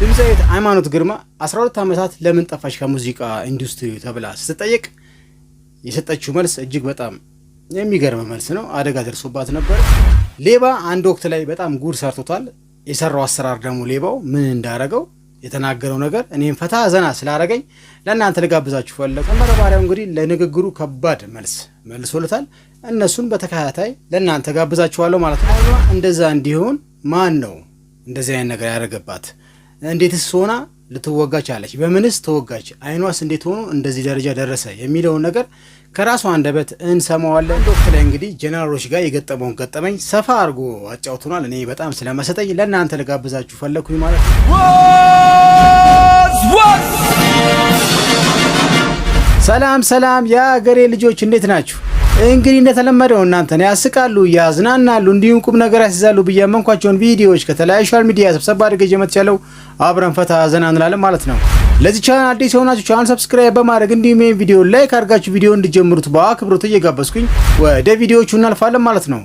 ድምፃዊት ሃይማኖት ግርማ 12 ዓመታት ለምን ጠፋሽ ከሙዚቃ ኢንዱስትሪ ተብላ ስትጠየቅ የሰጠችው መልስ እጅግ በጣም የሚገርም መልስ ነው። አደጋ ደርሶባት ነበር። ሌባ አንድ ወቅት ላይ በጣም ጉድ ሰርቶታል። የሰራው አሰራር ደግሞ ሌባው ምን እንዳረገው የተናገረው ነገር እኔም ፈታ ዘና ስላረገኝ ለእናንተ ልጋብዛችሁ ፈለግ። መረባሪያው እንግዲህ ለንግግሩ ከባድ መልስ መልሶለታል። እነሱን በተከታታይ ለእናንተ ጋብዛችኋለሁ ማለት ነው። እንደዛ እንዲሆን ማን ነው እንደዚህ አይነት ነገር ያደረገባት? እንዴትስ ሆና ልትወጋ ቻለች? በምንስ ተወጋች? አይኗስ እንዴት ሆኖ እንደዚህ ደረጃ ደረሰ? የሚለውን ነገር ከራሱ አንደበት እንሰማዋለን። ዶክተር ላይ እንግዲህ ጀነራሎች ጋር የገጠመውን ገጠመኝ ሰፋ አድርጎ አጫውቶናል። እኔ በጣም ስለመሰጠኝ ለእናንተ ልጋብዛችሁ ፈለግኩኝ ማለት ነው። ሰላም ሰላም፣ የአገሬ ልጆች እንዴት ናችሁ? እንግዲህ እንደተለመደው እናንተን ያስቃሉ፣ ያዝናናሉ፣ እንዲሁም ቁም ነገር ያስይዛሉ ብዬ ያመንኳቸውን ቪዲዮዎች ከተለያዩ ሶሻል ሚዲያ ሰብሰብ አድርጌ ጀመት ያለው አብረን ፈታ ዘና እንላለን ማለት ነው። ለዚህ ቻናል አዲስ የሆናችሁ ቻናል ሰብስክራይብ በማድረግ እንዲሁም ይህን ቪዲዮ ላይክ አድርጋችሁ ቪዲዮ እንዲጀምሩት በአክብሮት እየጋበዝኩኝ ወደ ቪዲዮዎቹ እናልፋለን ማለት ነው።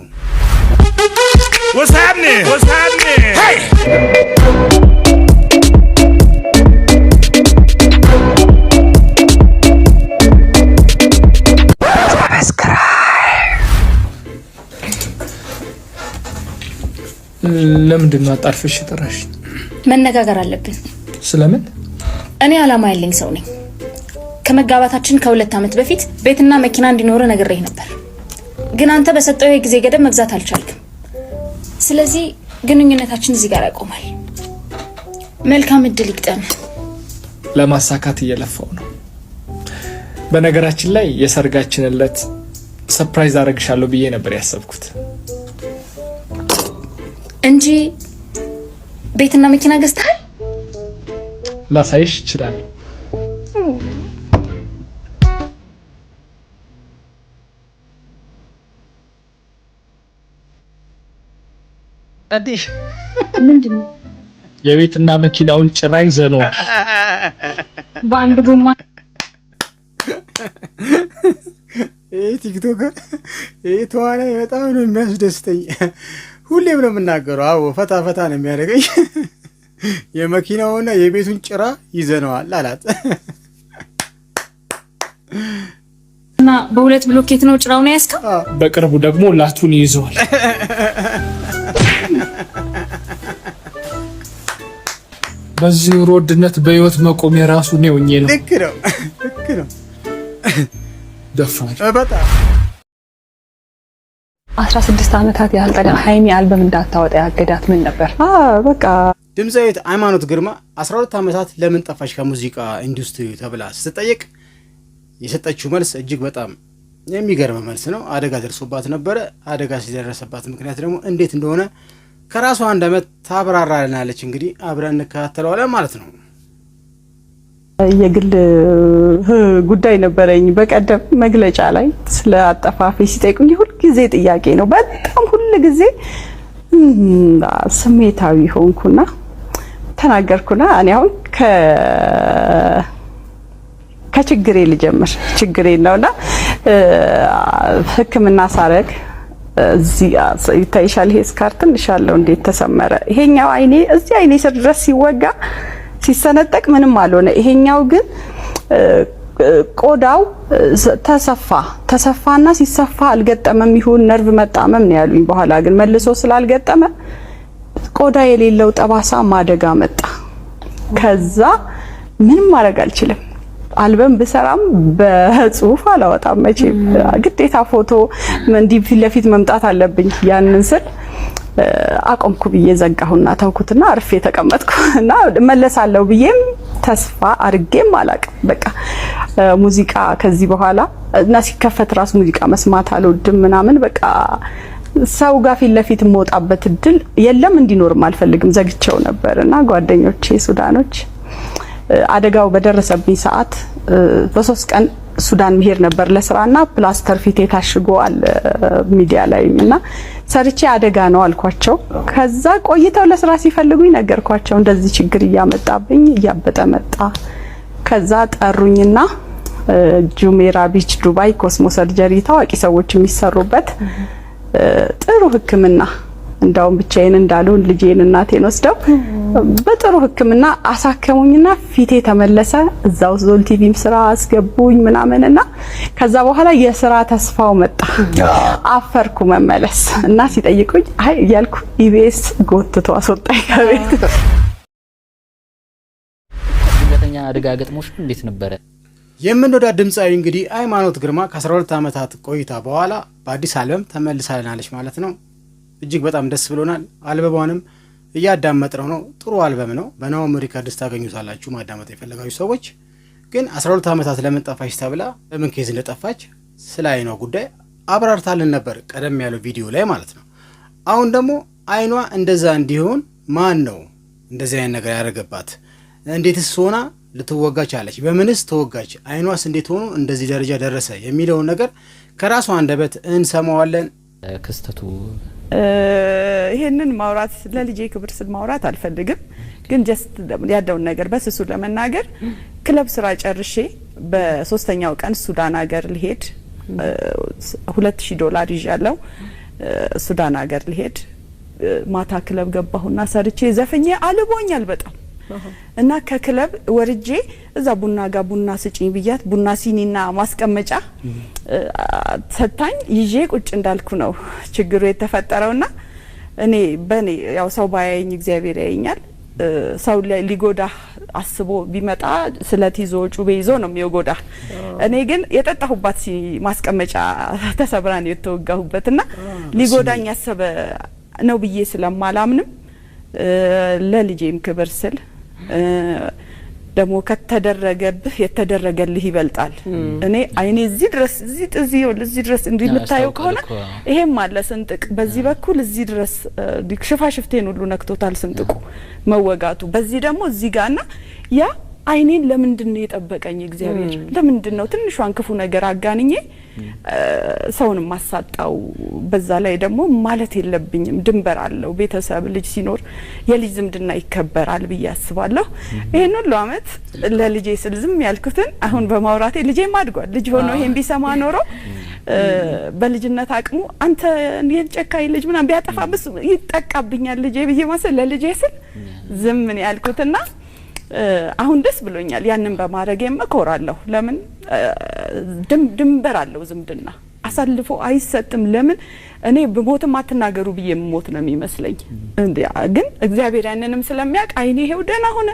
What's What's happening? happening? Hey! ለምንድን ነው አጣርፈሽ የጠራሽ? መነጋገር አለብን። ስለምን? እኔ አላማ ያለኝ ሰው ነኝ። ከመጋባታችን ከሁለት ዓመት በፊት ቤትና መኪና እንዲኖር ነግሬህ ነበር፣ ግን አንተ በሰጠው የጊዜ ገደብ መግዛት አልቻልክም። ስለዚህ ግንኙነታችን እዚህ ጋር ያቆማል። መልካም እድል ይግጠም። ለማሳካት እየለፋው ነው። በነገራችን ላይ የሰርጋችን ዕለት ሰርፕራይዝ አረግሻለሁ ብዬ ነበር ያሰብኩት እንጂ ቤትና መኪና ገዝተሃል? ላሳይሽ ይችላል። ምንድን ነው የቤትና መኪናውን ጭራ ይዘነው በአንድ ጎማ ይህ ቲክቶከር ይህ ተዋናይ በጣም ነው የሚያስደስተኝ። ሁሌም ነው የምናገረው። አዎ ፈታ ፈታ ነው የሚያደርገኝ። የመኪናውና የቤቱን ጭራ ይዘነዋል አላት እና በሁለት ብሎኬት ነው ጭራውን ያስከው። በቅርቡ ደግሞ ላቱን ይዘዋል። በዚህ ኑሮ ውድነት በህይወት መቆም የራሱ ነው ነው። ልክ ነው፣ ልክ ነው። ደፋ በጣም 16 ዓመታት ያህል ጠጋ ሀይሚ አልበም እንዳታወጣ ያገዳት ምን ነበር? በቃ ድምፃዊት ሃይማኖት ግርማ 12 ዓመታት ለምን ጠፋሽ ከሙዚቃ ኢንዱስትሪ ተብላ ስትጠየቅ የሰጠችው መልስ እጅግ በጣም የሚገርም መልስ ነው። አደጋ ደርሶባት ነበረ። አደጋ ሲደረሰባት ምክንያት ደግሞ እንዴት እንደሆነ ከራሷ አንድ ዓመት ታብራራልናለች። እንግዲህ አብረን እንከታተለዋለን ማለት ነው። የግል ጉዳይ ነበረኝ። በቀደም መግለጫ ላይ ስለ አጠፋፊ ሲጠይቁኝ ሁልጊዜ ጥያቄ ነው። በጣም ሁልጊዜ ስሜታዊ ሆንኩና ተናገርኩና እኔ አሁን ከችግሬ ልጀምር ችግሬ ነውና ሕክምና ሳረግ እዚህ ይታይሻል፣ ይሄ ስካር ትንሽ አለው እንዴት ተሰመረ? ይሄኛው አይኔ እዚህ አይኔ ስር ድረስ ሲወጋ ሲሰነጠቅ ምንም አልሆነ። ይሄኛው ግን ቆዳው ተሰፋ ተሰፋና ሲሰፋ አልገጠመም ይሁን ነርቭ መጣመም ነው ያሉኝ። በኋላ ግን መልሶ ስላልገጠመ ቆዳ የሌለው ጠባሳ ማደጋ መጣ። ከዛ ምንም ማድረግ አልችልም። አልበም ብሰራም በጽሁፍ አላወጣም መቼ ግዴታ ፎቶ እንዲህ ፊት ለፊት መምጣት አለብኝ። ያንን ስል አቆምኩ ብዬ ዘጋሁና ተውኩትና አርፌ ተቀመጥኩ እና መለሳለሁ ብዬም ተስፋ አድርጌም አላቅም። በቃ ሙዚቃ ከዚህ በኋላ እና ሲከፈት ራሱ ሙዚቃ መስማት አልወድም ምናምን በቃ ሰው ጋር ፊት ለፊት የምወጣበት እድል የለም እንዲኖርም አልፈልግም ዘግቼው ነበር እና ጓደኞቼ ሱዳኖች አደጋው በደረሰብኝ ሰዓት በሶስት ቀን ሱዳን መሄድ ነበር ለስራና ፕላስተር ፊቴ ታሽጎ አለ ሚዲያ ላይም እና ሰርቼ አደጋ ነው አልኳቸው። ከዛ ቆይተው ለስራ ሲፈልጉኝ ነገርኳቸው። እንደዚህ ችግር እያመጣብኝ እያበጠ መጣ። ከዛ ጠሩኝና ጁሜራ ቢች ዱባይ ኮስሞ ሰርጀሪ ታዋቂ ሰዎች የሚሰሩበት ጥሩ ሕክምና እንዳውም ብቻዬን እንዳልሆን ልጄን እናቴን ወስደው በጥሩ ሕክምና አሳከሙኝና ፊቴ ተመለሰ። እዛው ዞል ቲቪም ስራ አስገቡኝ ምናምንና ከዛ በኋላ የስራ ተስፋው መጣ። አፈርኩ መመለስ እና ሲጠይቁኝ አይ እያልኩ ኢቢኤስ ጎትቶ አስወጣኝ ከቤት። ድንገተኛ አደጋ ገጥሞሽ እንዴት ነበረ? የምንወዳት ድምፃዊ እንግዲህ ሃይማኖት ግርማ ከ12 ዓመታት ቆይታ በኋላ በአዲስ አለም ተመልሳልናለች ማለት ነው። እጅግ በጣም ደስ ብሎናል። አልበሟንም እያዳመጥነው ነው። ጥሩ አልበም ነው። በናሆም ሪከርድስ ታገኙታላችሁ ማዳመጥ የፈለጋችሁ ሰዎች። ግን 12 ዓመታት ለምን ጠፋች ተብላ በምን ኬዝ እንደጠፋች ስለ አይኗ ጉዳይ አብራርታልን ነበር ቀደም ያለው ቪዲዮ ላይ ማለት ነው። አሁን ደግሞ አይኗ እንደዛ እንዲሆን ማን ነው እንደዚህ አይነት ነገር ያደረገባት? እንዴትስ ሆና ልትወጋች አለች? በምንስ ተወጋች? አይኗስ እንዴት ሆኖ እንደዚህ ደረጃ ደረሰ የሚለውን ነገር ከራሷ አንደበት እንሰማዋለን። ክስተቱ ይሄንን ማውራት ለልጄ ክብር ስል ማውራት አልፈልግም፣ ግን ጀስት ያለውን ነገር በስሱ ለመናገር ክለብ ስራ ጨርሼ በሶስተኛው ቀን ሱዳን ሀገር ልሄድ ሁለት ሺ ዶላር ይዣለው ሱዳን ሀገር ልሄድ ማታ ክለብ ገባሁና ሰርቼ ዘፈኜ አልቦኛል በጣም እና ከክለብ ወርጄ እዛ ቡና ጋር ቡና ስጭኝ ብያት ቡና ሲኒና ማስቀመጫ ሰታኝ ይዤ ቁጭ እንዳልኩ ነው ችግሩ ና እኔ በእኔ ያው ሰው ባያየኝ እግዚአብሔር ያየኛል። ሰው ሊጎዳ አስቦ ቢመጣ ስለት ይዞ ጩቤ ይዞ ነው የሚጎዳ። እኔ ግን የጠጣሁባት ማስቀመጫ ተሰብራ ነው የተወጋሁበት ና ሊጎዳኝ ያሰበ ነው ብዬ ስለማላምንም ለልጄም ክብር ስል ደግሞ ከተደረገብህ የተደረገልህ ይበልጣል። እኔ አይኔ እዚህ ድረስ እዚህ ጥዚ እዚህ ድረስ እንዲህ የምታየው ከሆነ ይሄም አለ ስንጥቅ በዚህ በኩል እዚህ ድረስ ሽፋሽፍቴን ሁሉ ነክቶታል ስንጥቁ መወጋቱ በዚህ ደግሞ እዚህ ጋርና ያ አይኔን ለምንድን ነው የጠበቀኝ እግዚአብሔር? ለምንድን ነው ትንሿን ክፉ ነገር አጋንኜ ሰውን ማሳጣው? በዛ ላይ ደግሞ ማለት የለብኝም ድንበር አለው። ቤተሰብ ልጅ ሲኖር የልጅ ዝምድና ይከበራል ብዬ አስባለሁ። ይህን ሁሉ አመት ለልጄ ስል ዝም ያልኩትን አሁን በማውራቴ ልጄም አድጓል። ልጅ ሆኖ ይሄን ቢሰማ ኖሮ በልጅነት አቅሙ አንተ የጨካኝ ልጅ ምናምን ቢያጠፋ ብስ ይጠቃብኛል ልጄ ብዬ ማሰብ ለልጄ ስል ዝም ያልኩትና አሁን ደስ ብሎኛል። ያንን በማድረግ የምኮራለሁ። ለምን ድንበር አለው ዝምድና አሳልፎ አይሰጥም። ለምን እኔ ብሞትም አትናገሩ ብዬ የምሞት ነው የሚመስለኝ። ግን እግዚአብሔር ያንንም ስለሚያውቅ አይኔ ይሄው ደህና ሆነ።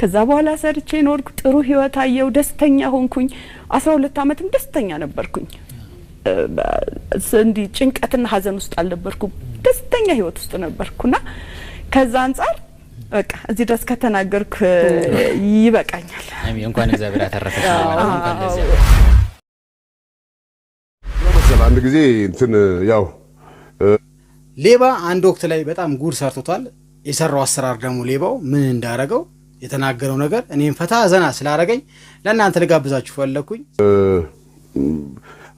ከዛ በኋላ ሰርቼ ኖርኩ፣ ጥሩ ህይወት አየው፣ ደስተኛ ሆንኩኝ። አስራ ሁለት አመትም ደስተኛ ነበርኩኝ። እንዲህ ጭንቀትና ሀዘን ውስጥ አልነበርኩም። ደስተኛ ህይወት ውስጥ ነበርኩና ከዛ አንጻር በቃ እዚህ ድረስ ከተናገርኩ ይበቃኛል። እንኳን እግዚአብሔር አተረፈሽ። አንድ ጊዜ እንትን ያው ሌባ አንድ ወቅት ላይ በጣም ጉድ ሰርቶታል። የሰራው አሰራር ደግሞ ሌባው ምን እንዳረገው የተናገረው ነገር እኔም ፈታ ዘና ስላረገኝ ለእናንተ ልጋብዛችሁ ፈለግኩኝ።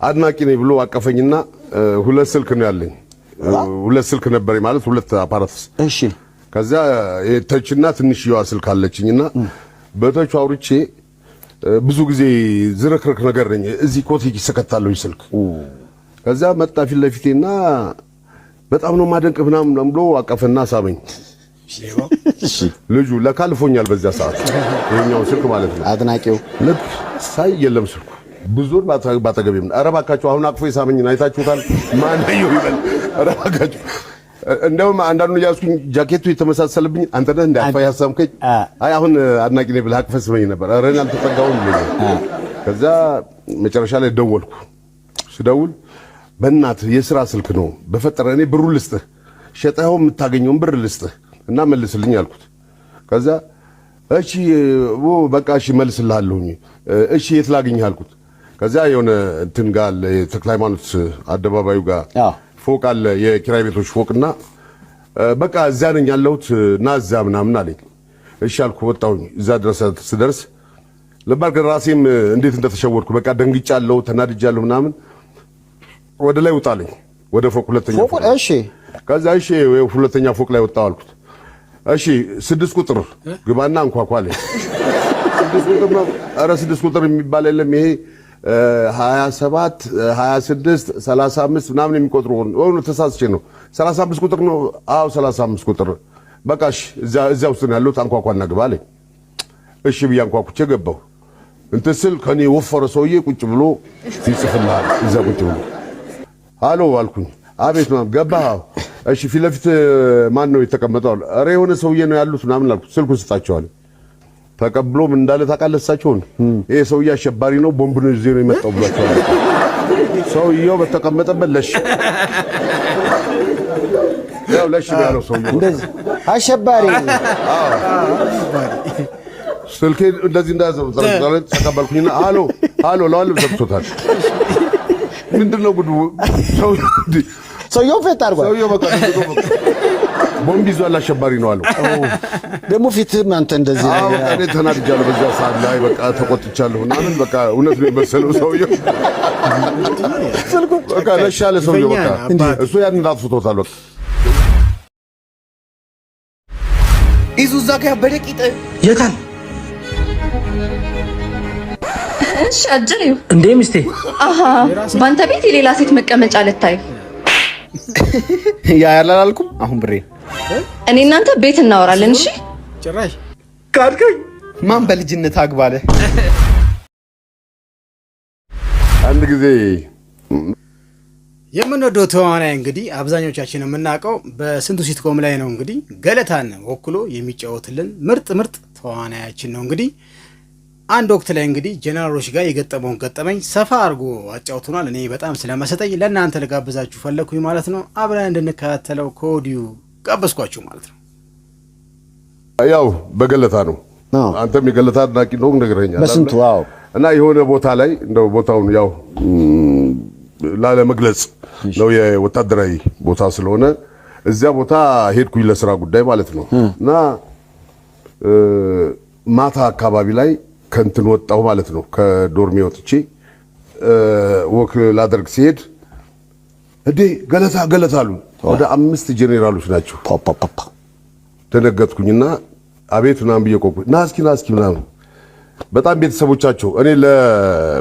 አድናቂ ነኝ ብሎ አቀፈኝና ሁለት ስልክ ነው ያለኝ። ሁለት ስልክ ነበረኝ ማለት ሁለት አፓራትስ። እሺ ከዛ የተችና ትንሽየዋ ስልክ አለችኝና በተቹ አውርቼ ብዙ ጊዜ ዝርክርክ ነገር ነኝ። እዚህ ኮት ይሰከታለሁ ስልክ። ከዛ መጣ ፊት ለፊቴና በጣም ነው ማደንቅ ምናምን ብሎ አቀፈና ሳበኝ። ልጁ ለካልፎኛል በዚያ ሰዓት ይኸኛውን ስልክ ማለት ነው። አድናቂው ልክ ሳይ የለም ስልኩ ብዙር ባጠገቤም፣ ኧረ እባካችሁ አሁን አቅፎ የሳመኝን አይታችሁታል። ማን ነው ይበል ኧረ እባካችሁ እንደውም አንዳንዱ ያዝኩኝ ጃኬቱ የተመሳሰለብኝ አንተ ነህ እንደ አፋ ያሳምከኝ። አይ አሁን አድናቂ ነኝ ብለህ አቅፈህ ስመኝ ነበር። ረን አልተጠጋሁም። ከዛ መጨረሻ ላይ ደወልኩ። ስደውል በእናትህ የስራ ስልክ ነው በፈጠረ እኔ ብሩ ልስጥህ፣ ሸጠኸው የምታገኘውን ብር ልስጥህ እና መልስልኝ አልኩት። ከዛ እሺ በቃ እሺ መልስልሃለሁኝ። እሺ የት ላግኝህ አልኩት። ከዛ የሆነ እንትን ጋር ተክለ ሃይማኖት አደባባዩ ጋር ፎቅ አለ የኪራይ ቤቶች ፎቅና በቃ እዚያ ነኝ ያለሁት እና እዛ ምናምን አለኝ። እሺ አልኩ ወጣሁኝ። እዛ ድረስ ስደርስ ለባርከ ራሴም እንዴት እንደተሸወድኩ በቃ ደንግጫለሁ፣ ተናድጃለሁ ምናምን። ወደ ላይ ውጣለኝ ወደ ፎቅ ሁለተኛ ፎቅ። እሺ ከዛ እሺ ሁለተኛ ፎቅ ላይ ወጣሁ አልኩት። እሺ ስድስት ቁጥር ግባና እንኳኳ አለኝ። ስድስት ቁጥር ነው። ኧረ ስድስት ቁጥር የሚባል የለም ይሄ 27 26 35 ምናምን የሚቆጥሩ ሆኑ ተሳስቼ ነው። 35 ቁጥር ነው። አዎ 35 ቁጥር በቃሽ እዛ ውስጥ ነው ያለሁት። አንኳኳና ግባ አለኝ። እሺ ብዬ አንኳኩቼ ገባሁ። እንትን ስል ከኔ ወፈረ ሰውዬ ቁጭ ብሎ ይጽፍልሃል። እዛ ቁጭ ብሎ አሎ አልኩኝ። አቤት ምናምን ገባህ? እሺ ፊት ለፊት ማን ነው የተቀመጠው? ኧረ የሆነ ሰውዬ ነው ያሉት ምናምን አልኩት። ስልኩን ስጣቸዋለሁ ተቀብሎም እንዳለ ታውቃለህ። እሳቸውን ይሄ ሰውዬ አሸባሪ ነው፣ ቦምብ ነው ይዞ ነው የመጣው ብሏቸዋል። ሰውየው በተቀመጠበት ለሽ ያው ለሽ ያለው ሰው እንደዚህ አሸባሪ ስልኬ እንደዚህ እንዳዘው ዘረዘረት ተቀበልኩኝና፣ አሎ አሎ ለዋለም ዘብቶታል። ምንድነው ጉዱ ሰውየው ፌት አድርጓል። ሰውየው በቃ ቦምብ ይዟል አሸባሪ ነው አለው። ደግሞ ፊትህም አንተ እንደዚህ እኔ ተናድጃለሁ። በዛ ሰዓት ላይ በቃ ተቆጥቻለሁ ምናምን በቃ እውነት ነው የመሰለው ሰውዬው በቃ ለሻለ ሰውዬው በቃ እሱ ያንን አጥፍቶታል በቃ ይዙ እዛ ጋር በደቂጥ የታል? እሺ አጀር ይሁ እንዴ ሚስቴ፣ አሀ ባንተ ቤት የሌላ ሴት መቀመጫ ልታይ ያ ያላላልኩም አሁን ብሬ እኔ እናንተ ቤት እናወራለን። እሺ ጭራሽ ካድከኝ። ማን በልጅነት አግባለ። አንድ ጊዜ የምንወደው ተዋናይ እንግዲህ አብዛኞቻችን የምናውቀው በስንቱ ሲትኮም ላይ ነው። እንግዲህ ገለታን ወክሎ የሚጫወትልን ምርጥ ምርጥ ተዋናያችን ነው። እንግዲህ አንድ ወቅት ላይ እንግዲህ ጀነራሎች ጋር የገጠመውን ገጠመኝ ሰፋ አድርጎ አጫውቶናል። እኔ በጣም ስለመሰጠኝ ለእናንተ ልጋብዛችሁ ፈለግኩኝ ማለት ነው። አብረን እንድንከታተለው ከወዲሁ ጋበዝኳችሁ ማለት ነው። ያው በገለታ ነው። አንተም የገለታ አድናቂ ነው ነግረኛል። በስንቱ አዎ። እና የሆነ ቦታ ላይ እንደው ቦታውን ያው ላለመግለጽ ነው የወታደራዊ ቦታ ስለሆነ እዚያ ቦታ ሄድኩኝ ለስራ ጉዳይ ማለት ነው። እና ማታ አካባቢ ላይ ከእንትን ወጣሁ ማለት ነው። ከዶርሜ ወጥቼ ወክ ላደርግ ሲሄድ እዴ ገለታ ገለታ አሉ። ወደ አምስት ጄኔራሎች ናቸው። ደነገጥኩኝና አቤት ምናምን ብዬ ቆምኩ። ና እስኪ ና እስኪ ምናምን በጣም ቤተሰቦቻቸው እኔ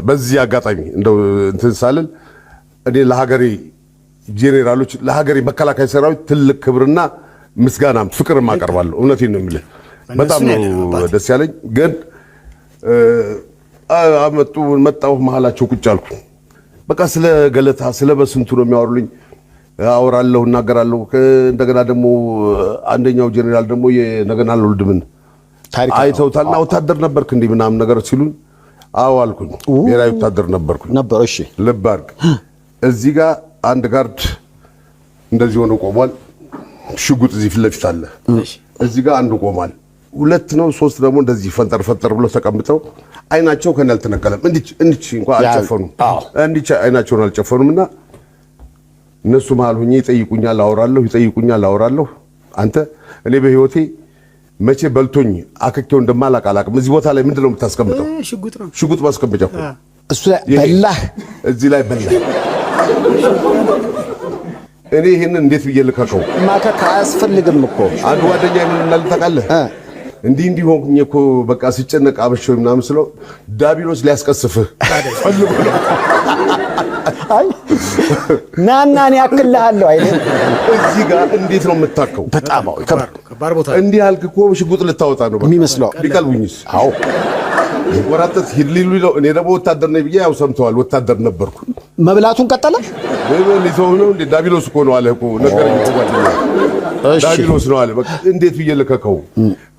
በዚህ አጋጣሚ እንደው እንትን ሳልል እኔ ለሀገሬ ጄኔራሎች ለሀገሬ መከላከያ ሰራዊት ትልቅ ክብርና ምስጋናም ፍቅርም አቀርባለሁ። እውነቴን ነው የምልህ። በጣም ነው ደስ ያለኝ። ግን አመጡ መጣሁ መሀላቸው ቁጭ አልኩ። በቃ ስለ ገለታ ስለ በስንቱ ነው የሚያወሩልኝ። አወራለሁ፣ እናገራለሁ። እንደገና ደግሞ አንደኛው ጄኔራል ደግሞ የነገና አልወልድምን አይተውታልና ወታደር ነበርክ እንዲህ ምናምን ነገር ሲሉኝ አዎ አልኩኝ። ብሔራዊ ወታደር ነበርኩኝ ነበር። እሺ ልብ አድርግ። እዚህ ጋር አንድ ጋርድ እንደዚህ ሆኖ ቆሟል። ሽጉጥ እዚህ ፊት ለፊት አለ። እዚህ ጋር አንዱ ቆሟል። ሁለት ነው ሶስት ደግሞ እንደዚህ ፈንጠር ፈንጠር ብሎ ተቀምጠው አይናቸው ከን አልተነቀለም። እንዲች እንዲች እንኳን አልጨፈኑም። እንዲች አይናቸውን አልጨፈኑም። እና እነሱ መሀል ሁኜ ይጠይቁኛል፣ አወራለሁ፣ ይጠይቁኛል፣ አወራለሁ። አንተ እኔ በህይወቴ መቼ በልቶኝ አክኬው እንደማላቅ አላቅም። እዚህ ቦታ ላይ ምንድን ነው የምታስቀምጠው? ሽጉጥ ማስቀመጫ እኮ እሱ ላይ በላህ፣ እዚህ ላይ በላህ። እኔ ይህንን እንዴት ብዬ ልከቀው? ማከክ አያስፈልግም እኮ አንድ ጓደኛ ምን እናልታቃለህ እንዲህ እንዲህ ሆንኩኝ እኮ በቃ ሲጨነቅ ስጨነቅ ወይ ምናምን ስለው ዳቢሎስ ሊያስቀስፍህ ፈልጎ ነው። ና እኔ አክልሃለሁ አይደል? እዚህ ጋር እንዴት ነው የምታከው? በጣም እንዲህ አልክ እኮ ሽጉጥ ልታወጣ ነው የሚመስለው። ቢቀልቡኝስ? አዎ ወራተት ሂሊሉ እኔ ወታደር ነኝ ብዬ ያው ሰምተዋል። ወታደር ነበርኩ። መብላቱን ቀጠለ። ሊተው ነው እንዴ? ዳቢሎስ እኮ ነው አለ እኮ ነገረኝ እኮ ጓደኛዬ። ዳቢሎስ ነው አለ። በቃ እንዴት ብዬ ልከከው?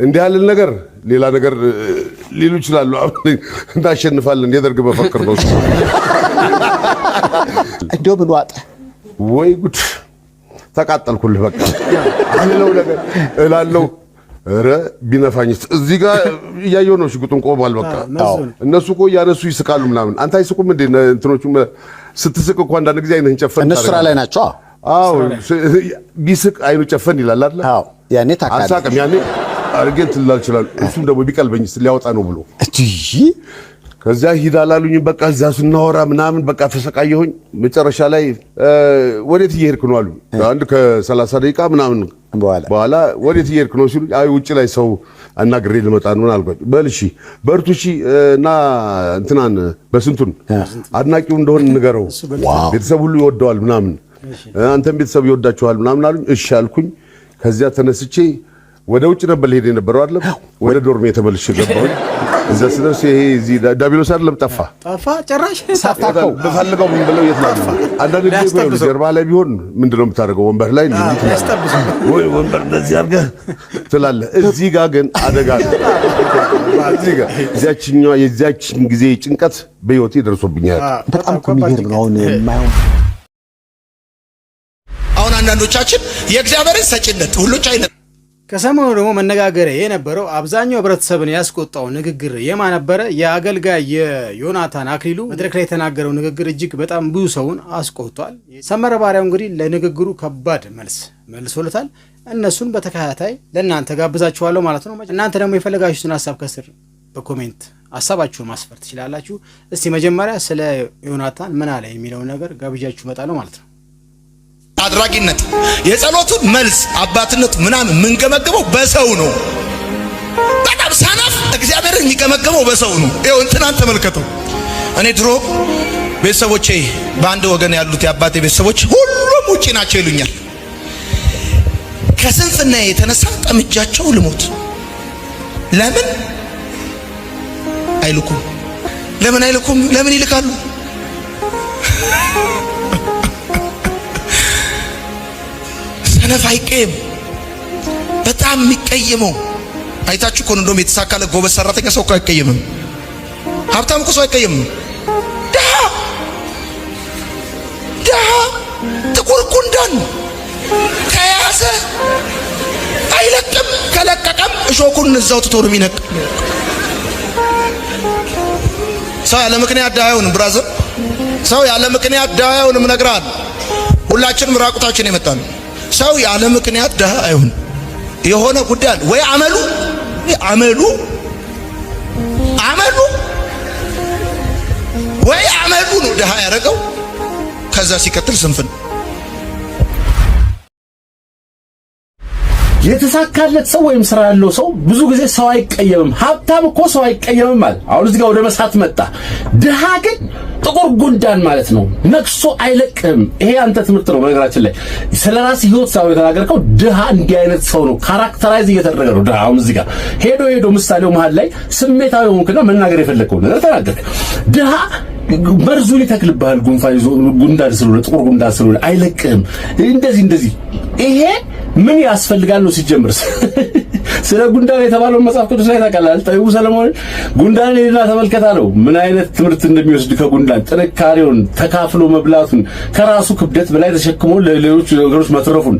እንዲህ ያለ ነገር ሌላ ነገር ሊሉ ይችላሉ። እናሸንፋለን። የደርግ መፈክር ነው እንደው ምን ዋጠ ወይ ጉድ! ተቃጠልኩልህ። በቃ አለው ነገር እላለው ኧረ ቢነፋኝስ እዚህ ጋር እያየሁ ነው። ሽጉጡን ቆሟል። በቃ እነሱ እኮ እያነሱ ይስቃሉ ምናምን። አንተ አይስቁም እንዴ? እንትኖቹ ስትስቅ እኮ አንዳንድ ጊዜ አይነህን ጨፈን። እነሱ ስራ ላይ ናቸው። አዎ ቢስቅ አይኑ ጨፈን ይላል አይደል? አዎ ያኔ ታካለ አሳቀም ያኔ አርገን ትላል ይችላል። እሱም ደግሞ ቢቀልበኝስ ሊያወጣ ነው ብሎ ከዛ ሂድ አላሉኝ። በቃ እዛ ስናወራ ምናምን በቃ ተሰቃየሁኝ። መጨረሻ ላይ ወዴት እየሄድክ ነው አሉ። አንድ ከሰላሳ ደቂቃ ምናምን በኋላ ወዴት እየሄድክ ነው ሲሉ፣ አይ ውጭ ላይ ሰው አናግሬ ልመጣ ነው አልኳቸው። በል እሺ በርቱ እሺ እና እንትናን በስንቱን አድናቂው እንደሆን ንገረው፣ ቤተሰብ ሁሉ ይወደዋል ምናምን፣ አንተም ቤተሰብ ይወዳችኋል ምናምን አሉኝ። እሺ አልኩኝ። ከዚያ ተነስቼ ወደ ውጭ ነበር ልሄድ የነበረው አይደለም። ወደ ዶርሜ ተመልሼ ገባሁ። እዛ ስለሱ ይሄ እዚህ ዳቢሎስ አይደለም ጠፋ ጠፋ፣ ጨራሽ ሳታከው በፈልገው ምን ብለው የት ነው? አንዳንድ ጊዜ ጀርባ ላይ ቢሆን ምንድነው ነው የምታደርገው? ወንበር ላይ እንዴ ያስጠብስ ወይ ወንበር እንደዚህ አድርገህ ትላለህ። እዚህ ጋር ግን አደጋ ነው። እዚህ ጋር እዚያችኛዋ የዚያችን ጊዜ ጭንቀት በህይወቴ ደርሶብኛል። በጣም ኮሚኒየር ነው አሁን የማይሆን አሁን አንዳንዶቻችን የእግዚአብሔርን ሰጪነት ሁሉ ቻይነት ከሰሞኑ ደግሞ መነጋገሪያ የነበረው አብዛኛው ህብረተሰብን ያስቆጣው ንግግር የማ ነበረ? የአገልጋይ የዮናታን አክሊሉ መድረክ ላይ የተናገረው ንግግር እጅግ በጣም ብዙ ሰውን አስቆጥቷል። ሰመረ ባሪያው እንግዲህ ለንግግሩ ከባድ መልስ መልሶለታል። እነሱን በተከታታይ ለእናንተ ጋብዛችኋለሁ ማለት ነው። እናንተ ደግሞ የፈለጋችሁትን ሀሳብ ከስር በኮሜንት ሀሳባችሁን ማስፈር ትችላላችሁ። እስቲ መጀመሪያ ስለ ዮናታን ምን አለ የሚለውን ነገር ጋብዣችሁ እመጣለሁ ማለት ነው። አድራጊነት የጸሎቱን መልስ አባትነት ምናምን የምንገመገመው በሰው ነው። በጣም ሳናፍ እግዚአብሔርን የሚገመገመው በሰው ነው። ይኸው እንትናን ተመልከተው። እኔ ድሮ ቤተሰቦቼ በአንድ ወገን ያሉት የአባቴ ቤተሰቦች ሁሉም ውጪ ናቸው ይሉኛል። ከስንፍና የተነሳ ጠምጃቸው ልሞት። ለምን አይልኩም? ለምን አይልኩም? ለምን ይልካሉ? ሰነፍ አይቀየም። በጣም የሚቀየመው አይታችሁ እኮ እንደውም የተሳካለ ጎበዝ ሰራተኛ ሰው እኮ አይቀየምም። ሀብታም እኮ ሰው አይቀየምም። ድሃ ድሃ ጥቁር ኩንዳን ከያዘ አይለቅም፣ ከለቀቀም እሾኩን እዛው ትቶ ነው የሚነቅ። ሰው ያለ ምክንያት ድሃ አይሆንም። ብራዘር ሰው ያለ ምክንያት ድሃ አይሆንም። ነግራል። ሁላችንም ራቁታችን የመጣን ሰው ያለ ምክንያት ደሃ አይሁን። የሆነ ጉዳይ አለ ወይ አመሉ አመሉ አመሉ ወይ አመሉ ነው ደሃ ያደረገው። ከዛ ሲቀጥል ስንፍን የተሳካለት ሰው ወይም ስራ ያለው ሰው ብዙ ጊዜ ሰው አይቀየምም። ሀብታም እኮ ሰው አይቀየምም ማለት አሁን እዚህ ጋር ወደ መስራት መጣ። ድሃ ግን ጥቁር ጉንዳን ማለት ነው፣ ነክሶ አይለቅህም። ይሄ አንተ ትምህርት ነው። በነገራችን ላይ ስለ ራስ ህይወት ሳይሆን የተናገርከው ድሃ እንዲህ አይነት ሰው ነው። ካራክተራይዝ እየተደረገ ነው ድሃ። አሁን እዚህ ጋር ሄዶ ሄዶ ምሳሌው መሀል ላይ ስሜታዊ ሆንክና መናገር የፈለግከው ነገር ተናገርክ። ድሃ በርዙ ሊተክልብሃል ጉንፋ ይዞ ጉንዳን ስለሆነ ጥቁር ጉንዳን ስለሆነ አይለቅህም። እንደዚህ እንደዚህ ይሄ ምን ያስፈልጋል ነው ሲጀምርስ ስለ ጉንዳን የተባለው መጽሐፍ ቅዱስ ላይ ታውቃለህ። ጠቢቡ ሰለሞን ጉንዳን ሄድና ተመልከት አለው። ምን አይነት ትምህርት እንደሚወስድ ከጉንዳን ጥንካሬውን ተካፍሎ መብላቱን ከራሱ ክብደት በላይ ተሸክሞ ለሌሎች ነገሮች መትረፉን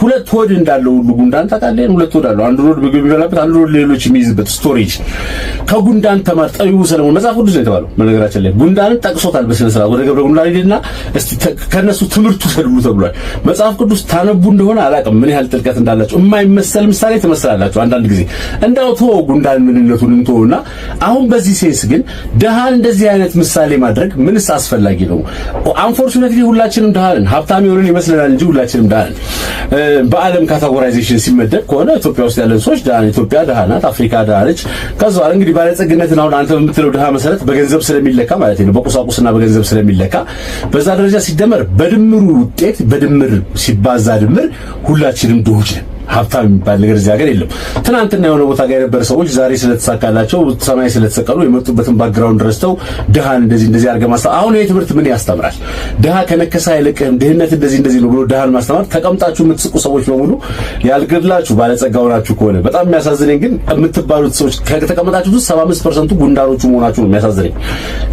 ሁለት ሆድ እንዳለው ሁሉ ጉንዳን ታውቃለህ። ሁለት ሆድ አለው። አንዱ ሆድ ምግብ የሚበላበት፣ አንዱ ሆድ ሌሎች የሚይዝበት ስቶሬጅ። ከጉንዳን ተማር። ጠቢቡ ሰለሞን መጽሐፍ ቅዱስ ላይ የተባለው በነገራችን ላይ ጉንዳንን ጠቅሶታል። በስነ ስርዓት ወደ ገብረ ጉንዳን ሄድና እስቲ ከነሱ ትምህርት ውሰዱ ተብሏል። መጽሐፍ ቅዱስ ታነቡ እንደሆነ አላውቅም ምን ያህል ጥልቀት እንዳላቸው የማይመሰል ምሳሌ ትመስላላችሁ አንዳንድ ጊዜ እንዳው ቶ ጉንዳን ምንነቱን እንተውና፣ አሁን በዚህ ሴንስ ግን ድሃን እንደዚህ አይነት ምሳሌ ማድረግ ምንስ አስፈላጊ ነው? አንፎርቹኔትሊ ሁላችንም ድሃን ሀብታም የሆነን ይመስለናል እንጂ ሁላችንም ድሃን። በአለም ካታጎራይዜሽን ሲመደብ ከሆነ ኢትዮጵያ ውስጥ ያለን ሰዎች ድሃን፣ ኢትዮጵያ ድሃ ናት፣ አፍሪካ ድሃ ነች። ከዛ እንግዲህ ባለጸግነትን አሁን አንተ በምትለው ድሃ መሰረት በገንዘብ ስለሚለካ ማለት ነው በቁሳቁስና በገንዘብ ስለሚለካ በዛ ደረጃ ሲደመር በድምሩ ውጤት በድምር ሲባዛ ድምር ሁላችንም ድሆች ነን። ሀብታም የሚባል ነገር እዚህ ሀገር የለም። ትናንትና የሆነ ቦታ ጋር የነበረ ሰዎች ዛሬ ስለተሳካላቸው ሰማይ ስለተሰቀሉ የመጡበትን ባክግራውንድ ረስተው ድሃን እንደዚህ እንደዚህ አድርገህ ማስተማር። አሁን ይህ ትምህርት ምን ያስተምራል? ድሃ ከነከሰ አይልቅህም፣ ድህነት እንደዚህ እንደዚህ ነው ብሎ ድሃን ማስተማር። ተቀምጣችሁ የምትስቁ ሰዎች በሙሉ ያልገድላችሁ ባለጸጋው ናችሁ ከሆነ በጣም የሚያሳዝነኝ ግን የምትባሉት ሰዎች ከተቀመጣችሁ ውስጥ 75% ጉንዳሮቹ መሆናችሁ ነው የሚያሳዝነኝ።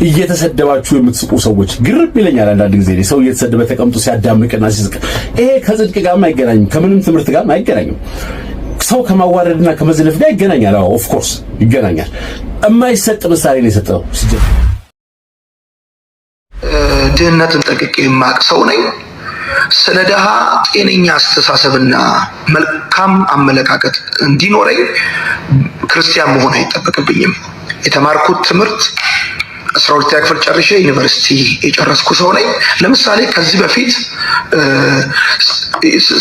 እየተሰደባችሁ የምትስቁ ሰዎች ግርም ይለኛል። አንዳንድ ጊዜ ሰው እየተሰደበ ተቀምጦ ሲያዳምቅና ሲስቅ ይሄ ከጽድቅ ጋርም አይገናኝም፣ ከምንም ትምህርት ጋርም አይገናኝም። አይገናኙም። ሰው ከማዋረድና ከመዝለፍ ጋር ይገናኛል። አዎ ኦፍ ኮርስ ይገናኛል። የማይሰጥ ምሳሌ ነው የሰጠው። ስጀት ድህነትን ጠቅቄ የማቅ ሰው ነኝ። ስለ ድሃ ጤነኛ አስተሳሰብና መልካም አመለካከት እንዲኖረኝ ክርስቲያን መሆን አይጠበቅብኝም። የተማርኩት ትምህርት አስራ ሁለተኛ ክፍል ጨርሼ ዩኒቨርሲቲ የጨረስኩ ሰው ነኝ። ለምሳሌ ከዚህ በፊት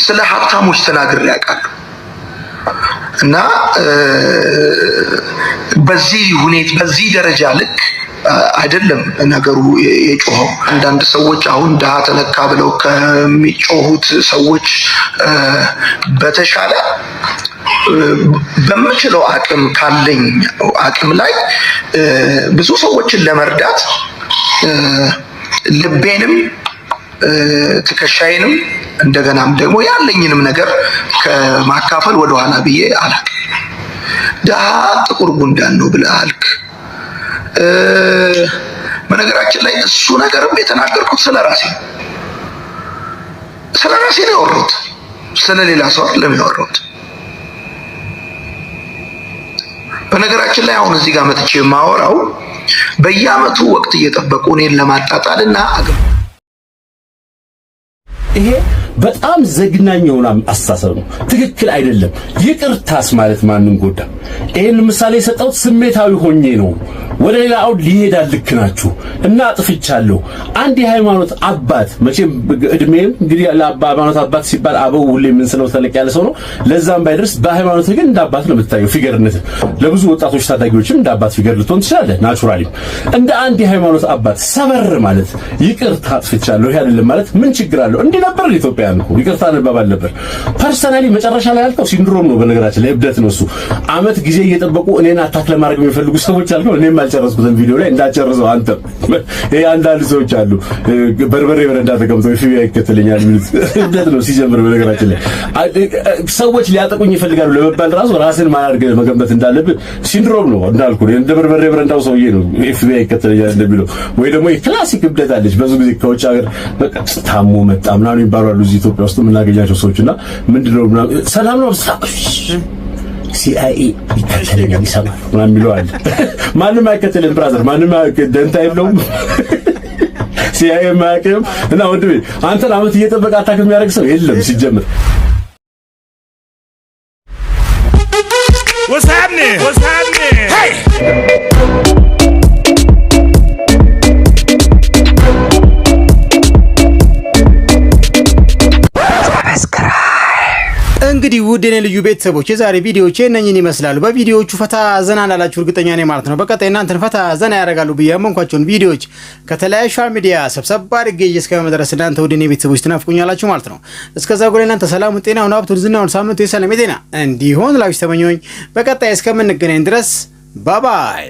ስለ ሀብታሞች ተናግሬ ያውቃሉ እና በዚህ ሁኔታ በዚህ ደረጃ ልክ አይደለም ነገሩ የጮኸው። አንዳንድ ሰዎች አሁን ድሃ ተነካ ብለው ከሚጮሁት ሰዎች በተሻለ በምችለው አቅም ካለኝ አቅም ላይ ብዙ ሰዎችን ለመርዳት ልቤንም ትከሻዬንም እንደገናም ደግሞ ያለኝንም ነገር ከማካፈል ወደኋላ ብዬ አላቅም። ድሃ ጥቁር ጉንዳን ነው ብለህ አልክ። በነገራችን ላይ እሱ ነገርም የተናገርኩት ስለ ራሴ ስለ ራሴ ነው ያወሩት፣ ስለ ሌላ ሰው አይደለም ያወሩት። በነገራችን ላይ አሁን እዚህ ጋር መጥቼ የማወራው በየዓመቱ ወቅት እየጠበቁ እኔን ለማጣጣልና አግብ ይሄ በጣም ዘግናኝ የሆነ አስተሳሰብ ነው። ትክክል አይደለም። ይቅርታስ ማለት ማንን ጎዳ? ይህን ምሳሌ የሰጠሁት ስሜታዊ ሆኜ ነው። ወደ ሌላ አውድ ሊሄዳል። ልክ ናችሁ እና አጥፍቻለሁ። አንድ የሃይማኖት አባት መቼም እድሜም እንግዲህ ለሃይማኖት አባት ሲባል አበው ሁሌ ስለው ተለቅ ያለ ሰው ነው። ለዛም ባይደርስ በሃይማኖት ግን እንደ አባት ነው የምትታየው። ፊገርነት ለብዙ ወጣቶች ታዳጊዎችም እንደ አባት ፊገር ልትሆን ትችላለህ። ናቹራሊ እንደ አንድ የሃይማኖት አባት ሰበር ማለት ይቅርታ አጥፍቻለሁ ይሄ አይደለም ማለት ምን ችግር አለው? እንዲህ ነበር ኢትዮጵያ ነው ይቅርታ ልባባል ነበር። ፐርሰናሊ መጨረሻ ላይ ያልከው ሲንድሮም ነው። በነገራችን ላይ እብደት ነው እሱ። አመት ጊዜ እየጠበቁ እኔን አታክ ለማድረግ የሚፈልጉ ሰዎች አልከው እኔም ያልጨረስኩትን ቪዲዮ ላይ እንዳጨርሰው አንተ ይሄ አንዳንድ ሰዎች አሉ በርበሬ በረንዳ ተቀምጠው ፊቢ ይከተለኛል ምን እንደት ነው። ሲጀምር በነገራችን ላይ ሰዎች ሊያጠቁኝ ይፈልጋሉ ለመባል ራሱ ራስን ማድረግ መገንበት እንዳለብህ ሲንድሮም ነው እንዳልኩ እንደ በርበሬ በረንዳው ሰውዬ ነው ፊቢ ይከተለኛል እንደሚለው ወይ ደግሞ የክላሲክ እብደት አለች። ብዙ ጊዜ ከውጭ ሀገር በቃ ታሞ መጣ ምናምን ይባላሉ። እዚህ ኢትዮጵያ ውስጥ የምናገኛቸው እና ምንድነው ሰላም ነው ሲአይኤ ይከተልን የሚሰማ የሚለው አለ። ማንም አይከተልን ብራዘር፣ ማንም ደንታ የለውም። ሲአይኤ ማያውቅም። እና ወንድሜ አንተን አመት እየጠበቀ አታክ የሚያደርግ ሰው የለም ሲጀምር What's happening? What's happening? Hey! እንግዲህ ውድ የኔ ልዩ ቤተሰቦች የዛሬ ቪዲዮዎቼ እነኝን ይመስላሉ። በቪዲዮዎቹ ፈታ ዘና እንዳላችሁ እርግጠኛ ነኝ ማለት ነው። በቀጣይ እናንተን ፈታ ዘና ያደርጋሉ ብዬ ያመንኳቸውን ቪዲዮዎች ከተለያዩ ሶሻል ሚዲያ ሰብሰብ አድርጌ እስከመድረስ እናንተ ውድ የኔ ቤተሰቦች ትናፍቁኛላችሁ ማለት ነው። እስከዛ ጎ እናንተ ሰላሙ፣ ጤና፣ ጤናውን፣ ሀብቱን፣ ዝናውን ሳምንቱ የሰላም የጤና እንዲሆን ላዊች ተመኘሁኝ። በቀጣይ እስከምንገናኝ ድረስ ባባይ